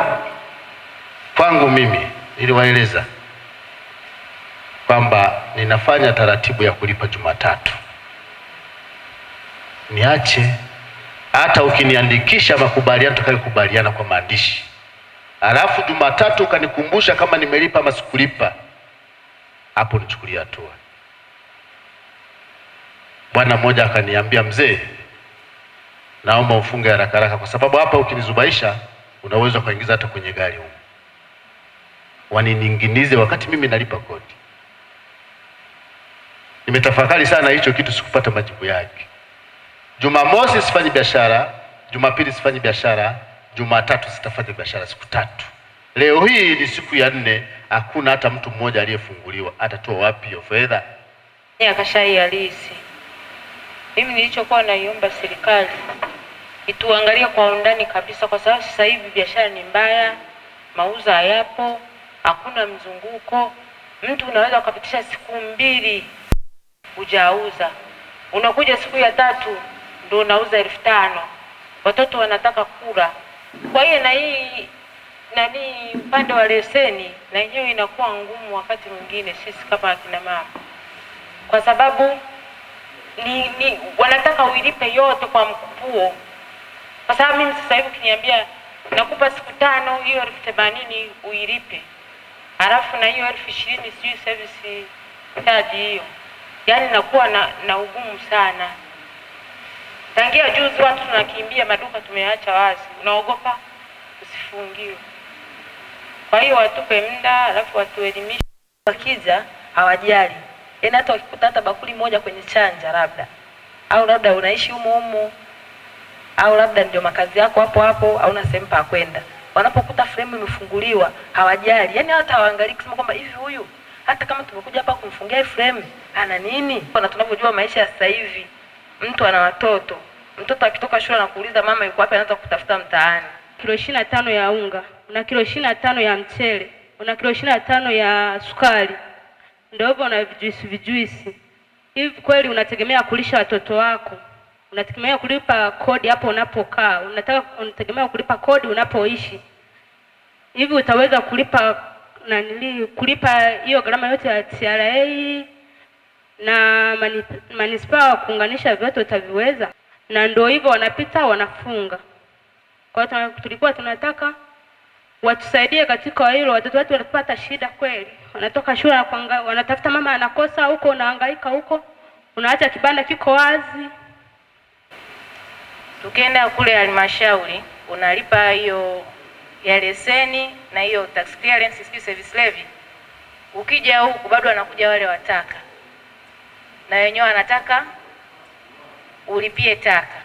ambalo kwangu mimi niliwaeleza kwamba ninafanya taratibu ya kulipa Jumatatu, niache hata ukiniandikisha makubaliano tukayokubaliana kwa maandishi, alafu Jumatatu ukanikumbusha kama nimelipa ama sikulipa, hapo nichukulia hatua. Bwana mmoja akaniambia, mzee, naomba ufunge haraka haraka, kwa sababu hapa ukinizubaisha unaweza kuingiza hata kwenye gari huko, waniningilize wakati mimi nalipa kodi. Nimetafakari sana hicho kitu, sikupata majibu yake. Jumamosi sifanyi biashara, Jumapili sifanyi biashara, Jumatatu sitafanya biashara, siku tatu. Leo hii ni siku ya nne, hakuna hata mtu mmoja aliyefunguliwa. Atatoa wapi hiyo fedha? halisi, Mimi nilichokuwa naiomba serikali ituangalie kwa undani kabisa, kwa sababu sasa hivi biashara ni mbaya, mauzo hayapo, hakuna mzunguko. Mtu unaweza ukapitisha siku mbili hujauza, unakuja siku ya tatu ndio unauza elfu tano. Watoto wanataka kula. Kwa hiyo na hii nani, upande wa leseni na yenyewe inakuwa ngumu wakati mwingine sisi kama akina mama, kwa sababu ni, ni wanataka uilipe yote kwa mkupuo. Kwa sababu mimi sasa hivi ukiniambia nakupa siku tano, hiyo elfu themanini uilipe, halafu na hiyo elfu ishirini sijui service charge hiyo, yaani nakuwa na, na ugumu sana. Tangia juzi watu tunakimbia, maduka tumeacha wazi, unaogopa usifungiwe. Kwa hiyo watupe muda, alafu watuelimishe. Wakija hawajali, yaani hata wakikuta hata bakuli moja kwenye chanja labda, au labda unaishi humo humo au labda ndio makazi yako hapo hapo, hauna sehemu pa kwenda. Wanapokuta fremu imefunguliwa hawajali, yani hata hawaangalii kusema kwamba hivi huyu hata kama tumekuja hapa kumfungia fremu ana nini. Na tunavyojua maisha ya sasa hivi, mtu ana watoto, mtoto akitoka shule anakuuliza mama yuko wapi, anaanza kutafuta mtaani. Kilo ishirini na tano ya unga, una kilo ishirini na tano ya mchele, una kilo ishirini na tano ya sukari, ndio hivyo, una vijuisi vijuisi hivi. Kweli unategemea kulisha watoto wako? unategemea kulipa kodi hapo unapokaa, unataka unategemea kulipa kodi unapoishi. Hivi utaweza kulipa na nili kulipa hiyo gharama yote ya TRA na manispaa wa kuunganisha vyote utaviweza? Na ndio hivyo, wanapita wanafunga. Kwa hiyo tulikuwa tunataka watusaidie katika hilo. Watoto wetu walipata shida kweli, wanatoka shule wanatafuta, mama anakosa huko, unahangaika huko, unaacha kibanda kiko wazi. Tukienda kule halmashauri unalipa hiyo ya leseni na hiyo tax clearance, sijui service levy. Ukija huku bado wanakuja wale wataka, na wenyewe wanataka ulipie taka.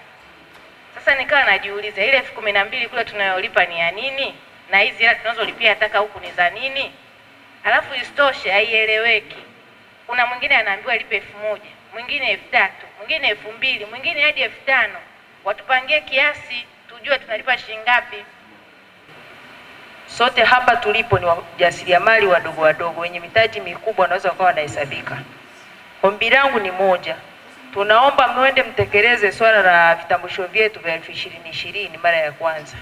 Sasa nikawa najiuliza ile elfu kumi na mbili kule tunayolipa ni ya nini, na hizi hela tunazolipia taka huku ni za nini? Alafu isitoshe haieleweki. Kuna mwingine anaambiwa lipe elfu moja mwingine elfu tatu mwingine elfu mbili mwingine hadi elfu tano watupangie kiasi tujue tunalipa shilingi ngapi. Sote hapa tulipo ni wajasiriamali wadogo wadogo, wenye mitaji mikubwa wanaweza wakawa wanahesabika. Ombi langu ni moja, tunaomba mwende mtekeleze swala la vitambulisho vyetu vya elfu ishirini ishirini mara ya kwanza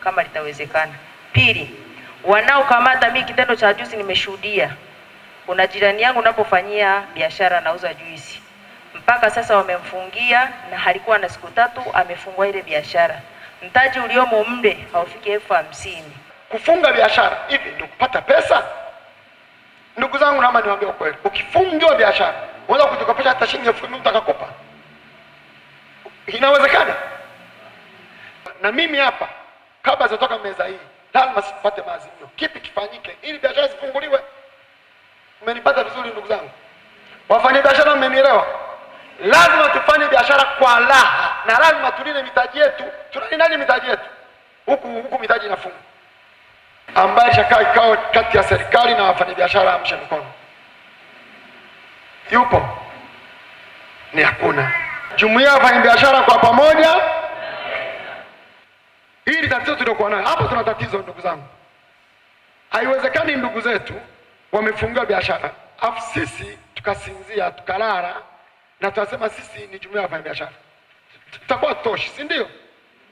kama litawezekana. Pili, wanaokamata, mimi kitendo cha juisi nimeshuhudia, kuna jirani yangu napofanyia biashara, nauza juisi mpaka sasa wamemfungia na halikuwa na siku tatu amefungwa ile biashara. Mtaji uliomo mle haufiki elfu hamsini. Kufunga biashara hivi ndio kupata pesa? Ndugu zangu, naomba niwaambie ukweli, ukifungiwa biashara unaweza kujikopesha hata shilingi elfu mia utakakopa, inawezekana. Na mimi hapa kabla sitoka meza hii lazima sipate maazimio, kipi kifanyike ili biashara zifunguliwe. Umenipata vizuri ndugu zangu, wafanyabiashara, mmenielewa? Lazima tufanye biashara kwa raha na lazima tulinde mitaji yetu. Tunalindaje mitaji yetu huku huku? Mitaji inafungwa, ambaye shakaa kikao kati ya serikali na wafanyabiashara, amshe mkono. Yupo? Ni hakuna. Jumuiya ya wafanyabiashara kwa pamoja, hili tatizo tuliokuwa nayo hapa, tuna tatizo ndugu zangu. Haiwezekani ndugu zetu wamefungiwa biashara afu sisi tukasinzia tukalala na tunasema sisi ni jumuiya ya wafanyabiashara, tutakuwa toshi, si ndio?